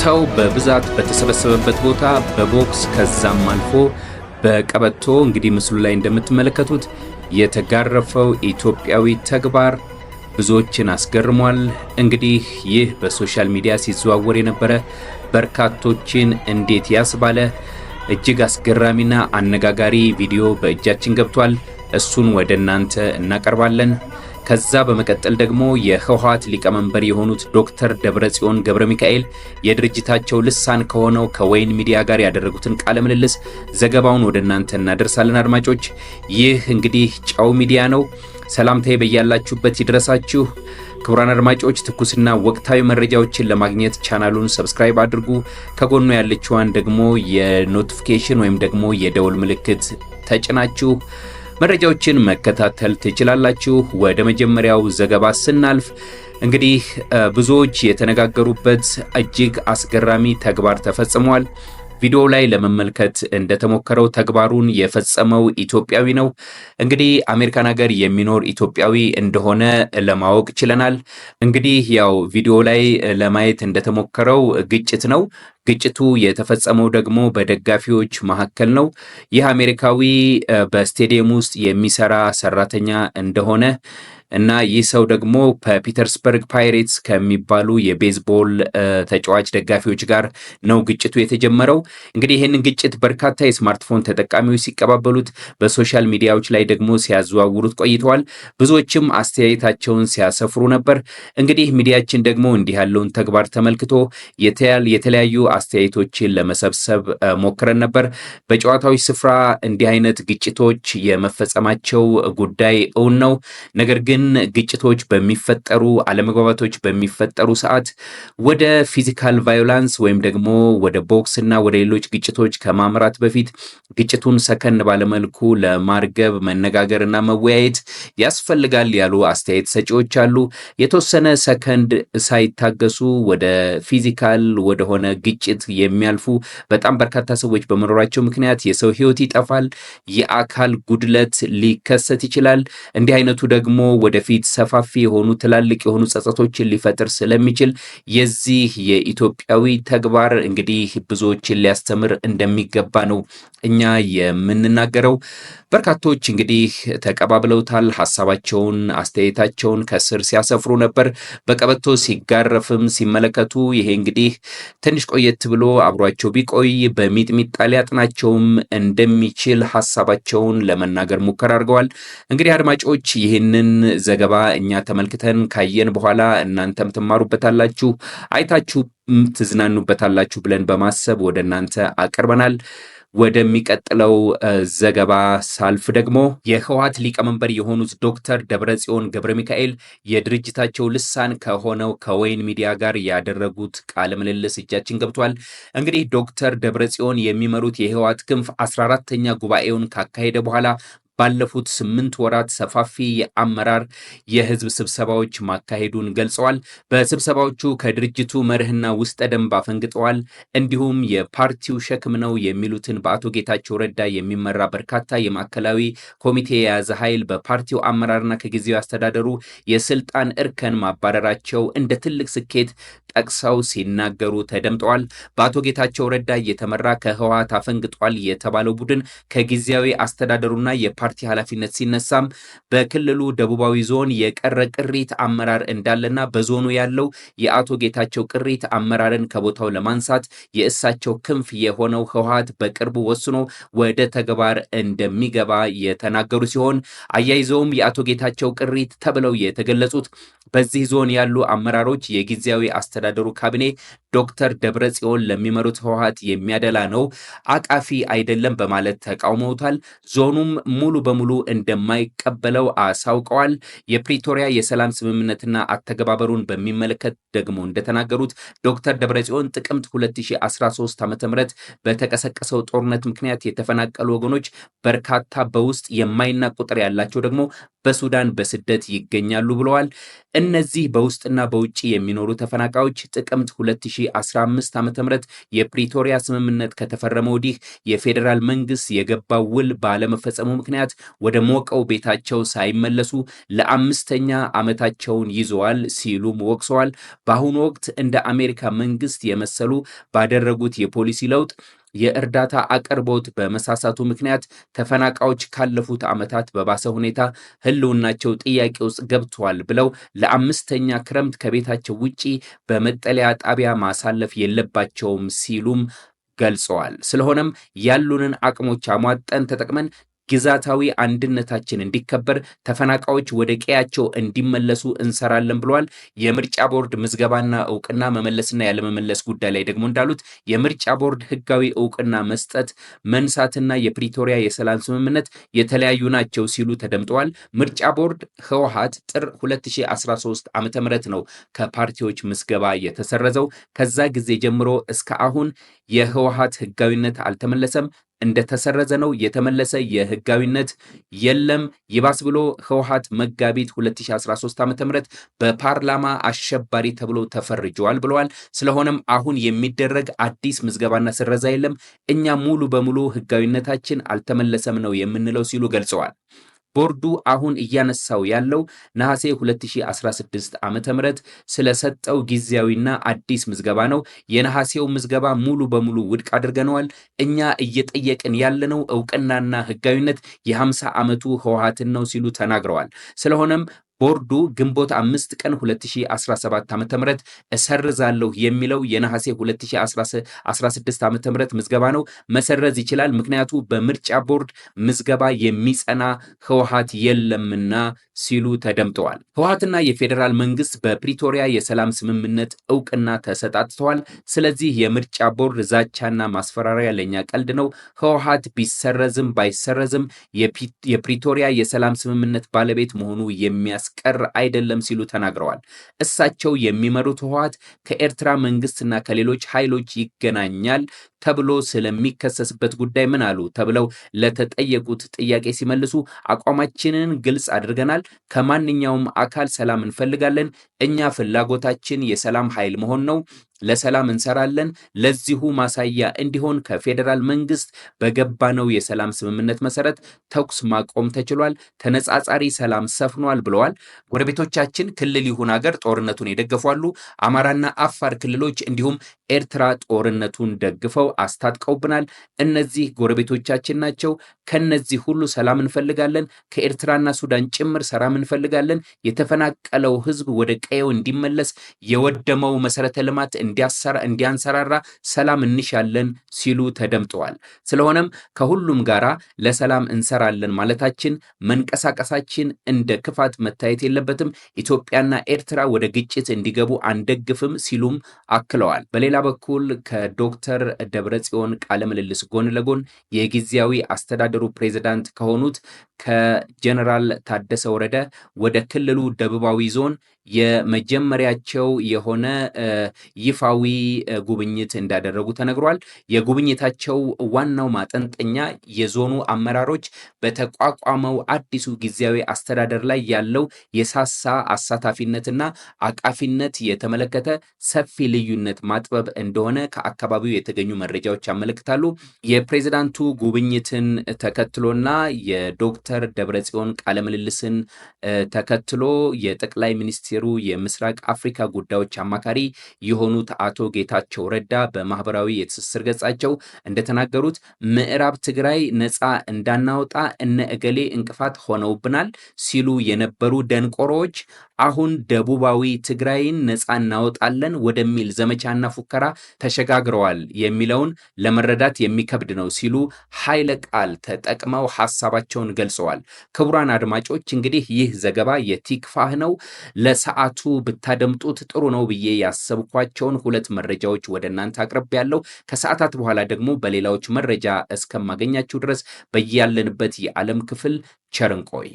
ሰው በብዛት በተሰበሰበበት ቦታ በቦክስ ከዛም አልፎ በቀበቶ እንግዲህ ምስሉ ላይ እንደምትመለከቱት የተጋረፈው ኢትዮጵያዊ ተግባር ብዙዎችን አስገርሟል። እንግዲህ ይህ በሶሻል ሚዲያ ሲዘዋወር የነበረ በርካቶችን እንዴት ያስባለ እጅግ አስገራሚና አነጋጋሪ ቪዲዮ በእጃችን ገብቷል። እሱን ወደ እናንተ እናቀርባለን። ከዛ በመቀጠል ደግሞ የህወሓት ሊቀመንበር የሆኑት ዶክተር ደብረጽዮን ገብረ ሚካኤል የድርጅታቸው ልሳን ከሆነው ከወይን ሚዲያ ጋር ያደረጉትን ቃለ ምልልስ ዘገባውን ወደ እናንተ እናደርሳለን። አድማጮች ይህ እንግዲህ ጨው ሚዲያ ነው። ሰላምታዬ በያላችሁበት ይድረሳችሁ። ክቡራን አድማጮች ትኩስና ወቅታዊ መረጃዎችን ለማግኘት ቻናሉን ሰብስክራይብ አድርጉ። ከጎኑ ያለችዋን ደግሞ የኖቲፊኬሽን ወይም ደግሞ የደውል ምልክት ተጭናችሁ መረጃዎችን መከታተል ትችላላችሁ። ወደ መጀመሪያው ዘገባ ስናልፍ እንግዲህ ብዙዎች የተነጋገሩበት እጅግ አስገራሚ ተግባር ተፈጽሟል። ቪዲዮ ላይ ለመመልከት እንደተሞከረው ተግባሩን የፈጸመው ኢትዮጵያዊ ነው። እንግዲህ አሜሪካን ሀገር የሚኖር ኢትዮጵያዊ እንደሆነ ለማወቅ ችለናል። እንግዲህ ያው ቪዲዮ ላይ ለማየት እንደተሞከረው ግጭት ነው። ግጭቱ የተፈጸመው ደግሞ በደጋፊዎች መካከል ነው። ይህ አሜሪካዊ በስቴዲየም ውስጥ የሚሰራ ሰራተኛ እንደሆነ እና ይህ ሰው ደግሞ ከፒተርስበርግ ፓይሬትስ ከሚባሉ የቤዝቦል ተጫዋች ደጋፊዎች ጋር ነው ግጭቱ የተጀመረው። እንግዲህ ይህንን ግጭት በርካታ የስማርትፎን ተጠቃሚዎች ሲቀባበሉት፣ በሶሻል ሚዲያዎች ላይ ደግሞ ሲያዘዋውሩት ቆይተዋል። ብዙዎችም አስተያየታቸውን ሲያሰፍሩ ነበር። እንግዲህ ሚዲያችን ደግሞ እንዲህ ያለውን ተግባር ተመልክቶ የተለያዩ አስተያየቶችን ለመሰብሰብ ሞክረን ነበር። በጨዋታዎች ስፍራ እንዲህ አይነት ግጭቶች የመፈጸማቸው ጉዳይ እውን ነው ነገር ግን ግን ግጭቶች በሚፈጠሩ አለመግባባቶች በሚፈጠሩ ሰዓት ወደ ፊዚካል ቫዮላንስ ወይም ደግሞ ወደ ቦክስ እና ወደ ሌሎች ግጭቶች ከማምራት በፊት ግጭቱን ሰከን ባለመልኩ ለማርገብ መነጋገር እና መወያየት ያስፈልጋል ያሉ አስተያየት ሰጪዎች አሉ። የተወሰነ ሰከንድ ሳይታገሱ ወደ ፊዚካል ወደሆነ ግጭት የሚያልፉ በጣም በርካታ ሰዎች በመኖራቸው ምክንያት የሰው ሕይወት ይጠፋል፣ የአካል ጉድለት ሊከሰት ይችላል። እንዲህ አይነቱ ደግሞ ወደፊት ሰፋፊ የሆኑ ትላልቅ የሆኑ ጸጸቶችን ሊፈጥር ስለሚችል የዚህ የኢትዮጵያዊ ተግባር እንግዲህ ብዙዎችን ሊያስተምር እንደሚገባ ነው እኛ የምንናገረው። በርካቶች እንግዲህ ተቀባብለውታል። ሀሳባቸውን፣ አስተያየታቸውን ከስር ሲያሰፍሩ ነበር። በቀበቶ ሲጋረፍም ሲመለከቱ ይሄ እንግዲህ ትንሽ ቆየት ብሎ አብሯቸው ቢቆይ በሚጥሚጣ ሊያጥናቸውም እንደሚችል ሀሳባቸውን ለመናገር ሙከራ አድርገዋል። እንግዲህ አድማጮች ይህንን ዘገባ እኛ ተመልክተን ካየን በኋላ እናንተም ትማሩበታላችሁ፣ አይታችሁ ትዝናኑበታላችሁ ብለን በማሰብ ወደ እናንተ አቅርበናል። ወደሚቀጥለው ዘገባ ሳልፍ ደግሞ የህወሓት ሊቀመንበር የሆኑት ዶክተር ደብረጽዮን ገብረ ሚካኤል የድርጅታቸው ልሳን ከሆነው ከወይን ሚዲያ ጋር ያደረጉት ቃለ ምልልስ እጃችን ገብቷል። እንግዲህ ዶክተር ደብረጽዮን የሚመሩት የህወሓት ክንፍ አስራ አራተኛ ጉባኤውን ካካሄደ በኋላ ባለፉት ስምንት ወራት ሰፋፊ የአመራር የህዝብ ስብሰባዎች ማካሄዱን ገልጸዋል። በስብሰባዎቹ ከድርጅቱ መርህና ውስጠ ደንብ አፈንግጠዋል፣ እንዲሁም የፓርቲው ሸክም ነው የሚሉትን በአቶ ጌታቸው ረዳ የሚመራ በርካታ የማዕከላዊ ኮሚቴ የያዘ ኃይል በፓርቲው አመራርና ከጊዜው አስተዳደሩ የስልጣን እርከን ማባረራቸው እንደ ትልቅ ስኬት ጠቅሰው ሲናገሩ ተደምጠዋል። በአቶ ጌታቸው ረዳ እየተመራ ከህወሓት አፈንግጧል የተባለው ቡድን ከጊዜያዊ አስተዳደሩና የፓ ፓርቲ ኃላፊነት ሲነሳም በክልሉ ደቡባዊ ዞን የቀረ ቅሪት አመራር እንዳለና በዞኑ ያለው የአቶ ጌታቸው ቅሪት አመራርን ከቦታው ለማንሳት የእሳቸው ክንፍ የሆነው ህወሓት በቅርቡ ወስኖ ወደ ተግባር እንደሚገባ የተናገሩ ሲሆን አያይዘውም የአቶ ጌታቸው ቅሪት ተብለው የተገለጹት በዚህ ዞን ያሉ አመራሮች የጊዜያዊ አስተዳደሩ ካቢኔ ዶክተር ደብረ ጽዮን ለሚመሩት ህወሓት የሚያደላ ነው፣ አቃፊ አይደለም በማለት ተቃውመውታል። ዞኑም ሙሉ ሙሉ በሙሉ እንደማይቀበለው አሳውቀዋል። የፕሪቶሪያ የሰላም ስምምነትና አተገባበሩን በሚመለከት ደግሞ እንደተናገሩት ዶክተር ደብረጽዮን ጥቅምት 2013 ዓ ም በተቀሰቀሰው ጦርነት ምክንያት የተፈናቀሉ ወገኖች በርካታ በውስጥ የማይናቅ ቁጥር ያላቸው ደግሞ በሱዳን በስደት ይገኛሉ ብለዋል። እነዚህ በውስጥና በውጭ የሚኖሩ ተፈናቃዮች ጥቅምት 2015 ዓ ም የፕሪቶሪያ ስምምነት ከተፈረመ ወዲህ የፌዴራል መንግስት የገባው ውል ባለመፈጸሙ ምክንያት ወደ ሞቀው ቤታቸው ሳይመለሱ ለአምስተኛ ዓመታቸውን ይዘዋል ሲሉም ወቅሰዋል። በአሁኑ ወቅት እንደ አሜሪካ መንግስት የመሰሉ ባደረጉት የፖሊሲ ለውጥ የእርዳታ አቅርቦት በመሳሳቱ ምክንያት ተፈናቃዮች ካለፉት ዓመታት በባሰ ሁኔታ ሕልውናቸው ጥያቄ ውስጥ ገብተዋል ብለው ለአምስተኛ ክረምት ከቤታቸው ውጪ በመጠለያ ጣቢያ ማሳለፍ የለባቸውም ሲሉም ገልጸዋል። ስለሆነም ያሉንን አቅሞች አሟጠን ተጠቅመን ግዛታዊ አንድነታችን እንዲከበር፣ ተፈናቃዮች ወደ ቀያቸው እንዲመለሱ እንሰራለን ብለዋል። የምርጫ ቦርድ ምዝገባና እውቅና መመለስና ያለመመለስ ጉዳይ ላይ ደግሞ እንዳሉት የምርጫ ቦርድ ህጋዊ እውቅና መስጠት መንሳትና የፕሪቶሪያ የሰላም ስምምነት የተለያዩ ናቸው ሲሉ ተደምጠዋል። ምርጫ ቦርድ ህወሓት ጥር 2013 ዓ.ም ነው ከፓርቲዎች ምዝገባ የተሰረዘው። ከዛ ጊዜ ጀምሮ እስከ አሁን የህወሀት ህጋዊነት አልተመለሰም፣ እንደተሰረዘ ነው። የተመለሰ የህጋዊነት የለም። ይባስ ብሎ ህወሀት መጋቢት 2013 ዓ ም በፓርላማ አሸባሪ ተብሎ ተፈርጀዋል ብለዋል። ስለሆነም አሁን የሚደረግ አዲስ ምዝገባና ስረዛ የለም፣ እኛ ሙሉ በሙሉ ህጋዊነታችን አልተመለሰም ነው የምንለው ሲሉ ገልጸዋል። ቦርዱ አሁን እያነሳው ያለው ነሐሴ 2016 ዓ ም ስለሰጠው ጊዜያዊና አዲስ ምዝገባ ነው። የነሐሴው ምዝገባ ሙሉ በሙሉ ውድቅ አድርገነዋል። እኛ እየጠየቅን ያለነው እውቅናና ህጋዊነት የ50 ዓመቱ ህወሓትን ነው ሲሉ ተናግረዋል። ስለሆነም ቦርዱ ግንቦት አምስት ቀን 2017 ዓ ም እሰርዛለሁ የሚለው የነሐሴ 2016 ዓ ም ምዝገባ ነው። መሰረዝ ይችላል። ምክንያቱ በምርጫ ቦርድ ምዝገባ የሚጸና ህወሓት የለምና ሲሉ ተደምጠዋል። ህወሓትና የፌዴራል መንግስት በፕሪቶሪያ የሰላም ስምምነት እውቅና ተሰጣጥተዋል። ስለዚህ የምርጫ ቦርድ ዛቻና ማስፈራሪያ ለእኛ ቀልድ ነው። ህወሓት ቢሰረዝም ባይሰረዝም የፕሪቶሪያ የሰላም ስምምነት ባለቤት መሆኑ የሚያስቀር አይደለም ሲሉ ተናግረዋል። እሳቸው የሚመሩት ህወሓት ከኤርትራ መንግስትና ከሌሎች ኃይሎች ይገናኛል ተብሎ ስለሚከሰስበት ጉዳይ ምን አሉ ተብለው ለተጠየቁት ጥያቄ ሲመልሱ አቋማችንን ግልጽ አድርገናል ከማንኛውም አካል ሰላም እንፈልጋለን። እኛ ፍላጎታችን የሰላም ኃይል መሆን ነው። ለሰላም እንሰራለን። ለዚሁ ማሳያ እንዲሆን ከፌዴራል መንግስት በገባነው የሰላም ስምምነት መሰረት ተኩስ ማቆም ተችሏል። ተነጻጻሪ ሰላም ሰፍኗል ብለዋል። ጎረቤቶቻችን ክልል ይሁን ሀገር ጦርነቱን የደገፏሉ። አማራና አፋር ክልሎች እንዲሁም ኤርትራ ጦርነቱን ደግፈው አስታጥቀውብናል። እነዚህ ጎረቤቶቻችን ናቸው። ከነዚህ ሁሉ ሰላም እንፈልጋለን። ከኤርትራና ሱዳን ጭምር ሰላም እንፈልጋለን። የተፈናቀለው ህዝብ ወደ ቀየው እንዲመለስ፣ የወደመው መሰረተ ልማት እንዲያንሰራራ ሰላም እንሻለን ሲሉ ተደምጠዋል። ስለሆነም ከሁሉም ጋራ ለሰላም እንሰራለን ማለታችን መንቀሳቀሳችን እንደ ክፋት መታየት የለበትም። ኢትዮጵያና ኤርትራ ወደ ግጭት እንዲገቡ አንደግፍም ሲሉም አክለዋል። በሌላ በኩል ከዶክተር ደብረጽዮን ቃለ ምልልስ ጎን ለጎን የጊዜያዊ አስተዳደሩ ፕሬዝዳንት ከሆኑት ከጀነራል ታደሰ ወረደ ወደ ክልሉ ደቡባዊ ዞን የመጀመሪያቸው የሆነ ይፋዊ ጉብኝት እንዳደረጉ ተነግሯል። የጉብኝታቸው ዋናው ማጠንጠኛ የዞኑ አመራሮች በተቋቋመው አዲሱ ጊዜያዊ አስተዳደር ላይ ያለው የሳሳ አሳታፊነትና አቃፊነት የተመለከተ ሰፊ ልዩነት ማጥበብ እንደሆነ ከአካባቢው የተገኙ መረጃዎች ያመለክታሉ። የፕሬዝዳንቱ ጉብኝትን ተከትሎና የዶክተር ደብረጽዮን ቃለምልልስን ተከትሎ የጠቅላይ ሚኒስትር ሚኒስቴሩ የምስራቅ አፍሪካ ጉዳዮች አማካሪ የሆኑት አቶ ጌታቸው ረዳ በማህበራዊ የትስስር ገጻቸው እንደተናገሩት ምዕራብ ትግራይ ነፃ እንዳናወጣ እነ እገሌ እንቅፋት ሆነውብናል ሲሉ የነበሩ ደንቆሮዎች አሁን ደቡባዊ ትግራይን ነፃ እናወጣለን ወደሚል ዘመቻና ፉከራ ተሸጋግረዋል የሚለውን ለመረዳት የሚከብድ ነው ሲሉ ኃይለ ቃል ተጠቅመው ሀሳባቸውን ገልጸዋል። ክቡራን አድማጮች እንግዲህ ይህ ዘገባ የቲክፋህ ነው። ለሰዓቱ ብታደምጡት ጥሩ ነው ብዬ ያሰብኳቸውን ሁለት መረጃዎች ወደ እናንተ አቅርብ ያለው ከሰዓታት በኋላ ደግሞ በሌላዎች መረጃ እስከማገኛችሁ ድረስ በያለንበት የዓለም ክፍል ቸርንቆይ